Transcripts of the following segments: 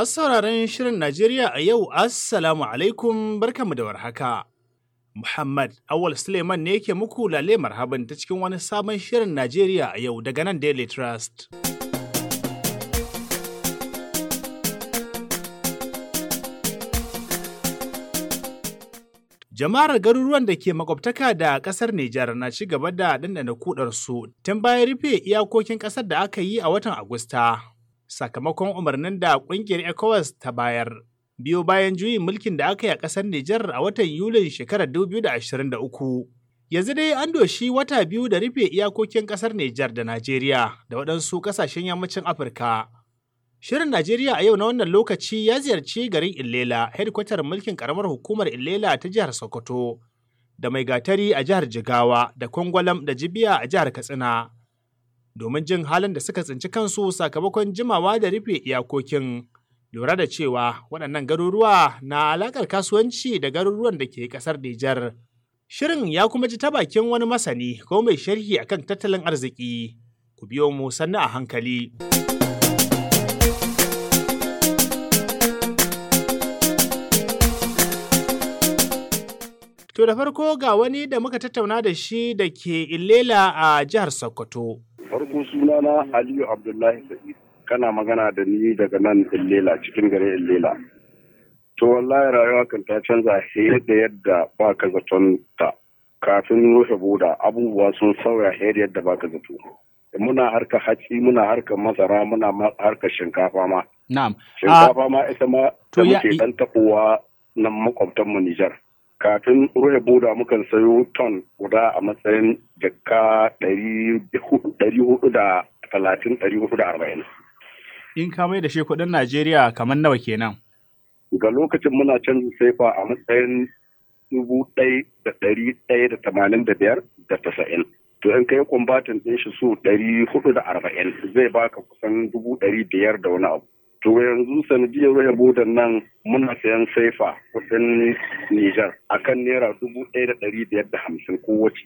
Masu sauraron Shirin Najeriya a yau, Assalamu alaikum barkanmu da warhaka. Muhammad Awal Suleiman ne yake muku lale marhaban ta cikin wani sabon Shirin Najeriya a yau daga nan Daily Trust. Jama'ar garuruwan da ke makwabtaka da ƙasar Nijar na ci gaba da ɗanɗana kudarsu tun bayan rufe iyakokin ƙasar da aka yi a watan Agusta. sakamakon umarnin da ƙungiyar ECOWAS ta bayar. Biyo bayan juyin mulkin da aka yi a ƙasar Nijar a watan Yulin shekarar 2023. Yanzu dai an doshi wata biyu da rufe iyakokin ƙasar Nijar da Najeriya da waɗansu ƙasashen yammacin Afirka. Shirin Najeriya a yau na wannan lokaci ya ziyarci garin Illela, hedkwatar mulkin ƙaramar hukumar Illela ta jihar Sokoto, da Mai Gatari a jihar Jigawa, da Kwangwalam da Jibiya a jihar Katsina. domin jin halin da suka tsinci kansu sakamakon jimawa da rufe iyakokin. Lura da cewa waɗannan garuruwa na alaƙar kasuwanci da garuruwan da ke ƙasar Nijar. Shirin ya kuma ji ta bakin wani masani ko mai sharhi akan tattalin arziki. Ku biyo mu sannu a hankali. To da farko ga wani da muka tattauna da shi da ke Ilela a jihar Sokoto. farko sunana aliyu abdullahi sa'id kana magana da ni daga nan illela cikin garin illela to wallahi rayuwa kan ta canza yadda yadda ba ka zaton ta kafin rufe boda abubuwa sun sauya da yadda ba ka zato muna harka hatsi muna harka masara muna harka shinkafa ma na'am ah, shinkafa ma ita ma ta muke dan tabowa nan makwabtan mu Nijar kafin ruwa boda mukan sayo ton guda a matsayin jakka ɗari hudu da talatin ɗari da arba'in. In ka mai da shi kudin Najeriya kamar nawa kenan? Ga lokacin muna canza saifa a matsayin dubu ɗaya da ɗari ɗaya da tamanin da biyar da tasa'in. To in kai kumbatin ɗin shi su ɗari hudu da arba'in zai baka kusan dubu ɗari biyar da wani abu. to yanzu sanadiyar rufe bodan nan muna sayan saifa kudin Nijar kan naira dubu ɗaya da ɗari biyar da hamsin kowace.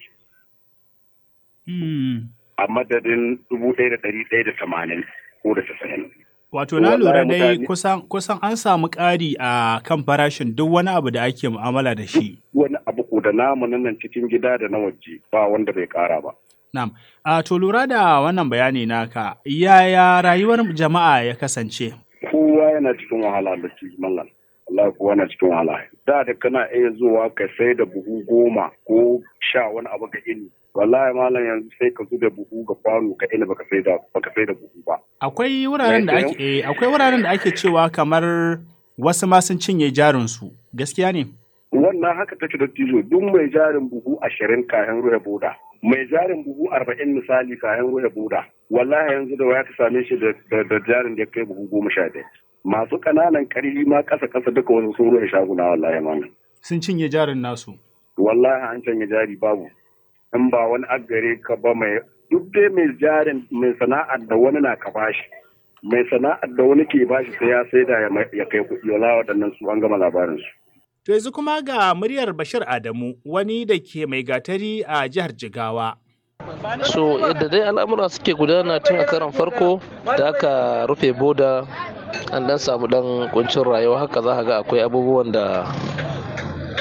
Hmm. A madadin dubu ɗaya da ɗari ɗaya da tamanin ko da tasirin. Wato na lura dai kusan an samu ƙari a kan farashin duk wani abu da ake mu'amala da shi. Wani abu ko da namu nan cikin gida da na waje ba wanda bai ƙara ba. Na'am. A to lura da wannan bayani naka, yaya rayuwar jama'a ya kasance? kowa yana cikin wahala da cikin mallan Allah kowa yana cikin wahala da da kana iya zuwa ka sai da buhu goma ko sha wani abu ga ini wallahi malam yanzu sai ka zuba buhu ga kwano ka ini baka sai da baka sai da buhu ba akwai wuraren da ake eh, akwai wuraren da ake cewa kamar wasu ma sun cinye jarin su gaskiya ne wannan haka take da tizo duk mai jarin buhu ashirin kayan ruwa boda mai jarin buhu arba'in misali kayan ruwa boda wallahi yanzu da waya ka same shi da jarin da kai buhu goma sha ɗaya masu ƙananan ƙarfi ma ƙasa ƙasa duka wasu sun ruwa shaguna wallahi mana. sun cinye jarin nasu. wallahi an cinye jari babu in ba wani aggare ka ba mai duk dai mai jarin mai sana'ar da wani na ka bashi mai sana'ar da wani ke bashi sai ya saida ya kai kuɗi wala waɗannan su an gama labarin su. To yanzu kuma ga muryar Bashir Adamu wani da ke mai gatari a jihar Jigawa. so yadda dai al'amura suke gudana tun a karan farko da aka rufe boda an dan samu dan kuncin rayuwa haka za ga akwai abubuwan da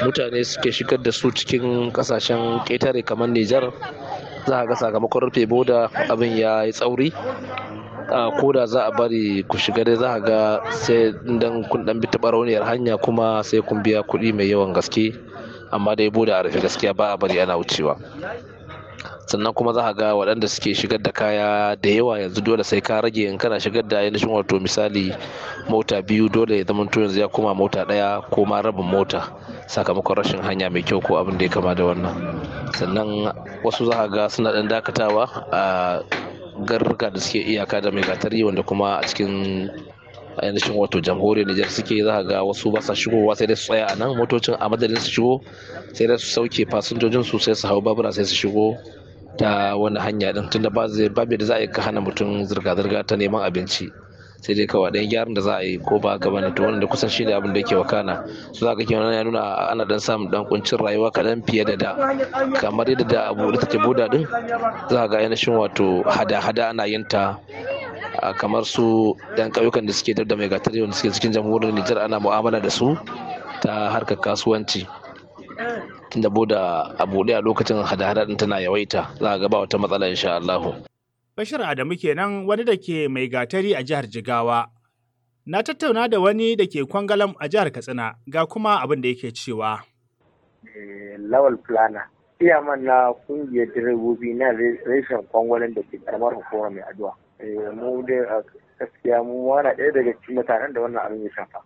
mutane suke shigar da su cikin kasashen ketare kamar Nijar za ga sakamakon rufe boda abin ya yi tsauri a koda za a bari ku shiga dai za ga sai dan kun dan bi taɓa hanya kuma sai kun biya kuɗi mai yawan gaske amma dai boda a rufe gaskiya ba a bari ana wucewa sannan kuma za ka ga waɗanda suke shigar da kaya da yawa yanzu dole sai ka rage in kana shigar da yanzu wato misali mota biyu dole ya zama yanzu ya koma mota ɗaya ko ma rabin mota sakamakon rashin hanya mai kyau ko abin da ya kama da wannan sannan wasu za ka ga suna ɗan dakatawa a garurruka da suke iyaka da mai gatari wanda kuma a cikin ainihin wato jamhuriyar Nijar suke za ga wasu ba sa shigowa sai dai su tsaya a nan motocin a madadin su shigo sai dai su sauke fasinjojin su sai su hau babura sai su shigo ta wani hanya din tunda ba zai ba da za a yi ka hana mutum zirga-zirga ta neman abinci sai dai kawai ɗan gyaran da za a yi ko ba haka bane to da kusan shi da abin da yake wakana su za ka kenan ya nuna ana dan samun dan kuncin rayuwa kaɗan fiye da da kamar yadda da abu da take buda din za ga shin wato hada-hada ana yin ta kamar su dan ƙauyukan da suke da mai gatari wanda suke cikin jamhuriyar Nijar ana mu'amala da su ta harkar kasuwanci tunda boda a buɗe a lokacin hada-hada din tana yawaita za ga ba wata matsala insha Allah. Bashir Adamu kenan wani da ke mai gatari a jihar Jigawa. Na tattauna da wani da ke kwangalam a jihar Katsina ga kuma abin da yake cewa. Eh, Lawal Plana, man na kungiyar direbobi na reshen kwangwalen da ke karamar hukumar mai addu'a. Eh, mu da gaskiya mu wana ɗaya daga cikin mutanen da wannan abin ya shafa.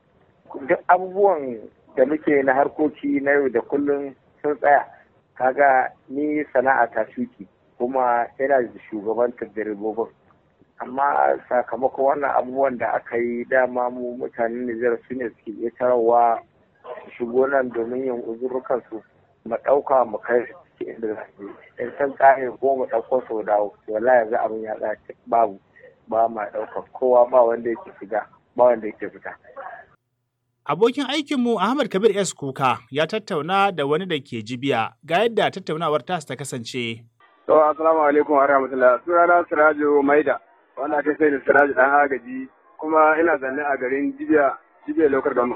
Duk abubuwan da muke na harkoki na yau da kullum sun tsaya kaga ni sana'a ta shuki kuma yana da shugabantar da ribobin amma sakamakon wannan abubuwan da aka yi dama mu mutanen Nijar su ne suke iya tarawa shigo nan domin yin uzurrukan su mu ɗauka mu kai inda za su in san ƙare ko mu ɗauko sau dawo wala yanzu abin ya tsaya babu ba ma ɗauka kowa ba wanda yake shiga ba wanda yake fita Abokin aikinmu Ahmad Kabir S. Kuka ya tattauna da wani da ke jibiya ga yadda tattaunawar tasu ta kasance. To, Assalamu alaikum wa rahmatullah. Sunana Sirajo Maida, wanda aka sai da Sirajo ɗan agaji, kuma ina zanne a garin jibiya, jibiya lokar gama.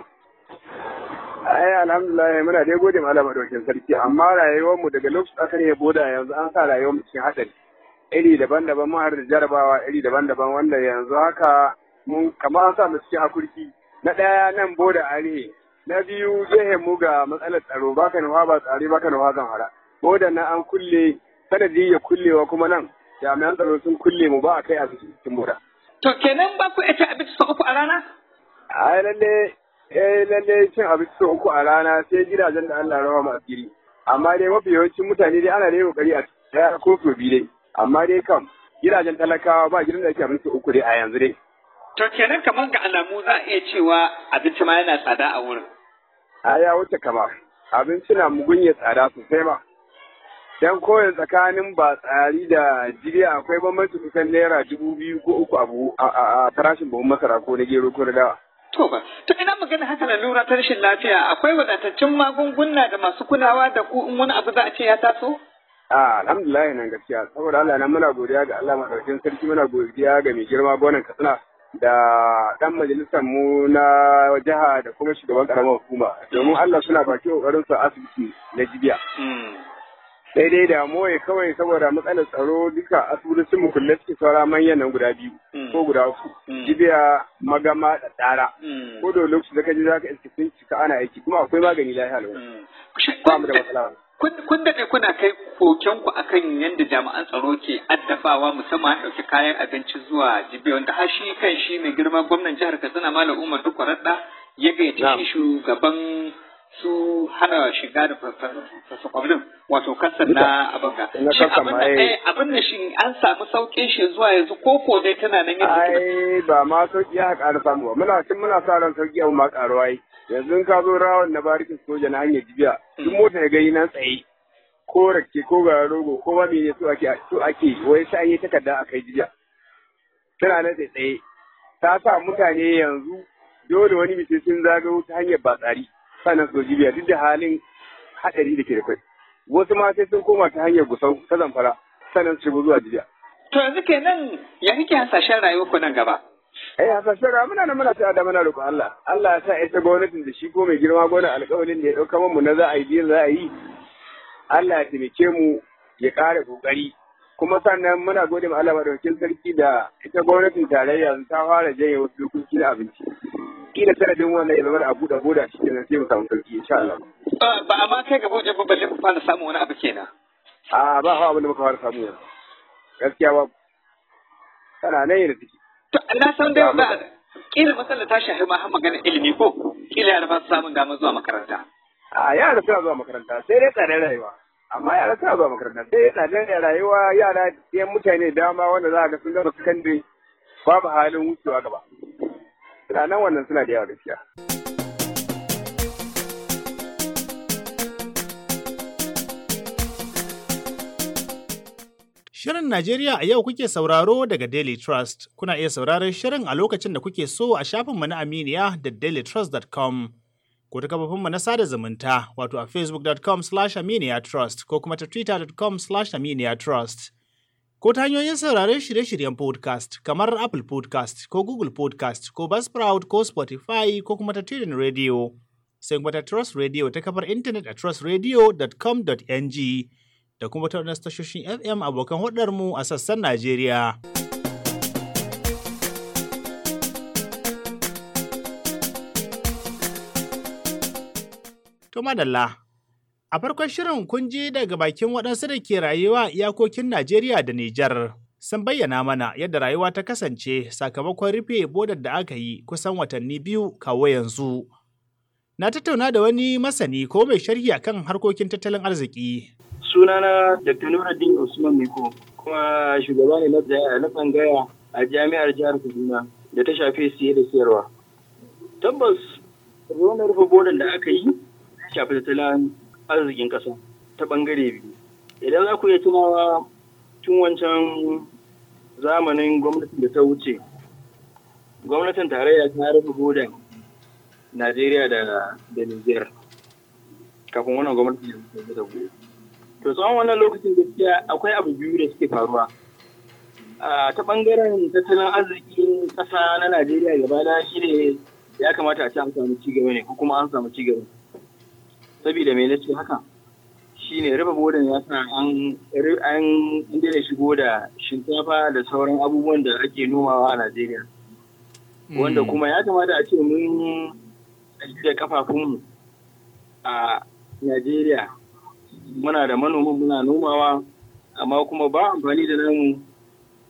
Ai, alhamdulillah, muna dai gode ma madaukin sarki, amma rayuwarmu daga lokacin aka ne boda yanzu an sa rayuwarmu cikin haɗari. Iri daban-daban, mu har da jarabawa iri daban-daban, wanda yanzu haka mun kama an sa mu cikin hakurki. na ɗaya nan boda arihe na biyu jehen mu ga matsalar tsaro baka nawa ba tsari baka nawa zan hara boda na an kulle sanadi ya kullewa kuma nan jami'an tsaro sun kulle mu ba a kai a cikin boda. to kenan ba ku ita abinci sau uku a rana? a lalle eh lalle cin abinci sau uku a rana sai gidajen da Allah rawa ma asiri amma dai mafi yawancin mutane dai ana dai kokari a daya ko so biyu dai amma dai kam gidajen talakawa ba gidan da ake abinci uku dai a yanzu dai. To kenan kamar ga alamu za a iya cewa abinci ma yana tsada a wurin. A ya wuce kama, abinci na mugunye tsada sosai ba. Dan koyin tsakanin ba tsari da jiri akwai bambanci kusan naira dubu biyu ko uku abu a farashin buhun masara ko na gero ko na dawa. To ba, to ina magana haka na lura ta rashin lafiya akwai wadataccen magunguna da masu kulawa da ku in wani abu za a ce ya taso? A alhamdulillah nan gaskiya saboda Allah nan muna godiya ga Allah madaukakin sarki muna godiya ga mai girma gonan Katsina. da ɗan majalisar mu na jiha da kuma shugaban karamar hukuma domin Allah suna baki kokarin su asibiti na jibiya. Sai dai da moye kawai saboda matsalar tsaro duka asibitocin mu kulle suke saura manyan nan guda biyu ko guda uku jibiya magama da tsara ko da lokacin da ka ji za ka iske cika ana aiki kuma akwai magani lafiya lau mm. mu da matsala. kun daɗe kuna kai koken ku akan yadda jami'an tsaro ke addafawa musamman ɗauki kayan abinci zuwa jibe wanda har shi kan shi mai girma gwamnan jihar katsina malam umar duk ya gayyaci shi shugaban su hana shiga da fasakwabnin wato kasan na abanga. Shi eh. eh, abin da shi an samu sauƙin shi zuwa yanzu ko ko dai tana nan yadda Ai ba ma sauƙi ya ƙara samu ba muna cin muna sa ran sauƙi abu ma ƙaruwa yi yanzu ka zo rawan na barikin soja na hanyar jibiya Tun mm. mota ya gani na tsaye ko rake ko gara rogo ko ba mene su ake su ake wai sai yi takarda a kai jibiya. Tana na tsaye ta sa mutane yanzu dole wani mutum sun zagayo ta hanyar batsari. sannan su zoji duk da halin haɗari da ke da kai wasu ma sai sun koma ta hanyar gusau ta zamfara sannan su shigo zuwa jibiya. to yanzu kenan ya kike hasashen rayuwar ku nan gaba. eh hasashen rayuwa muna nan muna ta da muna roƙon Allah Allah ya sa ya ta gwamnatin da shi ko mai girma gona alƙawarin da ya ɗauka mu na za a yi biyan za a yi Allah ya taimake mu ya ƙara ƙoƙari kuma sannan muna gode ma Allah madaukakin sarki da ita gwamnatin tarayya ta fara janye wasu dokoki na abinci kila sanadin wannan ya zama a buɗe boda shi kenan sai mu samu sauki insha Allah. Ba a ma kai ga bude ba balle mu fara samun wani abu kenan. A ba hawa abin da muka fara samu yanzu. Gaskiya ba. Tana nan yana ciki. To Allah san dai ba kila matsalar ta shahi ma har magana ilimi ko kila yara ba su samun damar zuwa makaranta. A yara suna zuwa makaranta sai dai tsadar rayuwa. Amma yara suna zuwa makaranta sai dai tsadar rayuwa yara yan mutane dama wanda za a ga sun gama sakandare babu halin wucewa gaba. suna nan wannan suna da yawa gaskiya. Shirin Najeriya a yau kuke sauraro daga Daily Trust. Kuna iya sauraron shirin a lokacin da kuke so a shafinmu na Aminiya da dailytrust.com ko ta kafafinmu na sada zumunta wato a facebook.com slash aminiya trust ko kuma ta twitter.com slash aminiya trust. ko ta hanyoyin sauraron shirye-shiryen podcast kamar Apple podcast ko Google podcast ko Buzzsprout ko Spotify ko kuma ta Tunin Radio. Sai kuma ta Trust Radio ta kafar intanet a trustradio.com.ng da kuma ta wani tashoshin FM abokan hudarmu a sassan Najeriya. To madalla, A farkon shirin kun ji daga bakin waɗansu da ke rayuwa iyakokin Najeriya da Nijar. Sun bayyana mana yadda rayuwa ta kasance sakamakon rufe bodar da aka yi kusan watanni biyu kawo yanzu. Na tattauna da wani masani ko mai sharhi a kan harkokin tattalin arziki. Sunana Dr. Nuruddin Usman Miko kuma shugaba ne na tsangaya a jami'ar jihar Kaduna da ta shafi siye da siyarwa. Tabbas, ruwan rufe bodar da aka yi shafi tattalin arzikin ƙasa ta ɓangare biyu idan za ku iya tunawa tun wancan zamanin gwamnatin da ta wuce gwamnatin tarayya ta rufe godan najeriya da niger kafin wannan gwamnati da ta wuce. to tsawon wannan lokacin gaskiya akwai abu biyu da suke faruwa ta bangaren tattalin arzikin ƙasa na najeriya gaba da shi ne ya kamata a ci an samu cigaba ne ko kuma an samu cigaba saboda mai nace haka shine riba bodan ya sa an an daina shigo da shinkafa da sauran abubuwan da ake nomawa a Najeriya wanda kuma ya kamata a ce mun da kafafunmu a Najeriya muna da manoma, muna nomawa amma kuma ba amfani da namu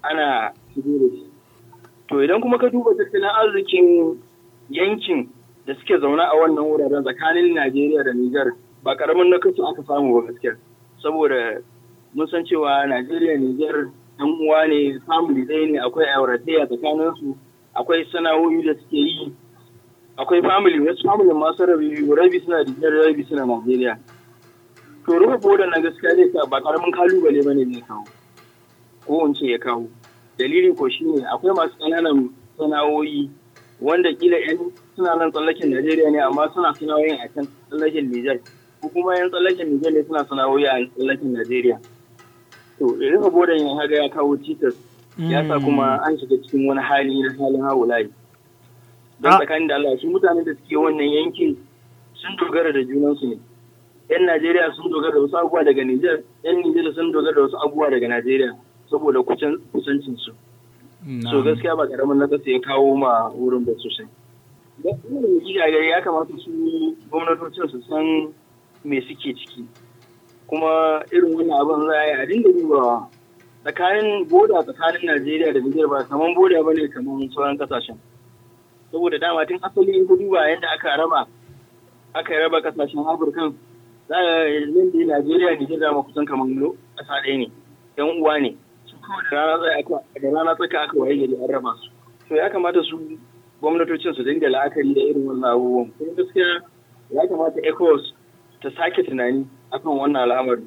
ana shigo da shi to idan kuma ka duba tattalin arzikin yankin da suke zaune a wannan wuraren tsakanin Najeriya da Nijar ba karamin na kasu aka samu ba gaskiya saboda mun san cewa Najeriya Nijar ɗan uwa ne family ɗaya ne akwai auratayya tsakanin su akwai sana'o'i da suke yi akwai family wasu family masu rabi rabi suna Nijar rabi suna Najeriya to rufe bodan na gaskiya zai sa ba karamin kalubale bane ne kawo ko in ce ya kawo dalili ko shine akwai masu ƙananan sana'o'i wanda kila 'yan suna nan tsallaken Najeriya ne amma suna suna sana'o'in a can tsallaken Nijar ko kuma yan tsallaken Nijar ne suna suna sana'o'i a tsallaken Najeriya to rufe bodan ya haga ya kawo cikas ya sa mm. kuma an shiga cikin wani hali na halin hawulayi don ah. tsakanin da Allah shi mutanen da suke wannan yankin sun dogara da junansu ne yan Najeriya sun dogara da wasu abubuwa daga Nijar yan Nijar sun dogara da wasu abubuwa daga Najeriya saboda kusancin su so gaskiya ba karamin nakasa ya kawo ma wurin ba sosai ya kamata su gwamnatocin su san me suke ciki kuma irin wannan abin za a yi a dinga dubawa tsakanin boda tsakanin najeriya da nijar ba kaman boda ba ne kaman sauran kasashen saboda dama tun asali in duba yadda aka raba aka raba kasashen afirka za a yi najeriya nijar dama kusan kaman kasa ɗaya ne yan uwa ne da rana tsaka aka waye gari an raba su to ya kamata su gwamnatocin su dinga la'akari da irin wannan abubuwan kuma gaskiya ya kamata ECOWAS ta sake tunani akan wannan al'amari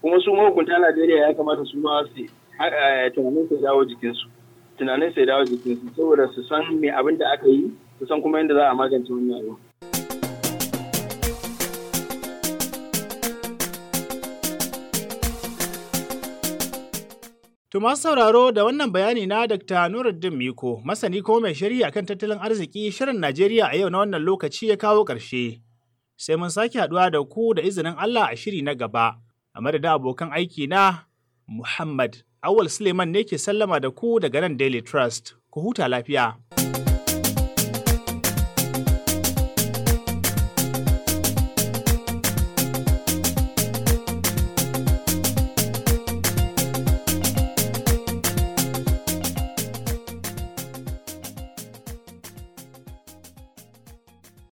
kuma su mahukunta Najeriya ya kamata su ma su eh, tunanin sai dawo jikinsu tunanin sai dawo jikinsu saboda su san me abin da aka yi su san kuma yadda za a magance wannan abu To masu sauraro da wannan bayani na Dr. Nuruddin Miko, masani ko mai shari'a akan tattalin arziki shirin Najeriya a yau na wannan lokaci ya kawo ƙarshe. Sai mun sake haɗuwa da ku da izinin Allah a shiri na gaba. A madadin abokan aiki na Muhammad Awul Suleiman ne ke sallama da ku daga nan Daily Trust. Ku huta lafiya.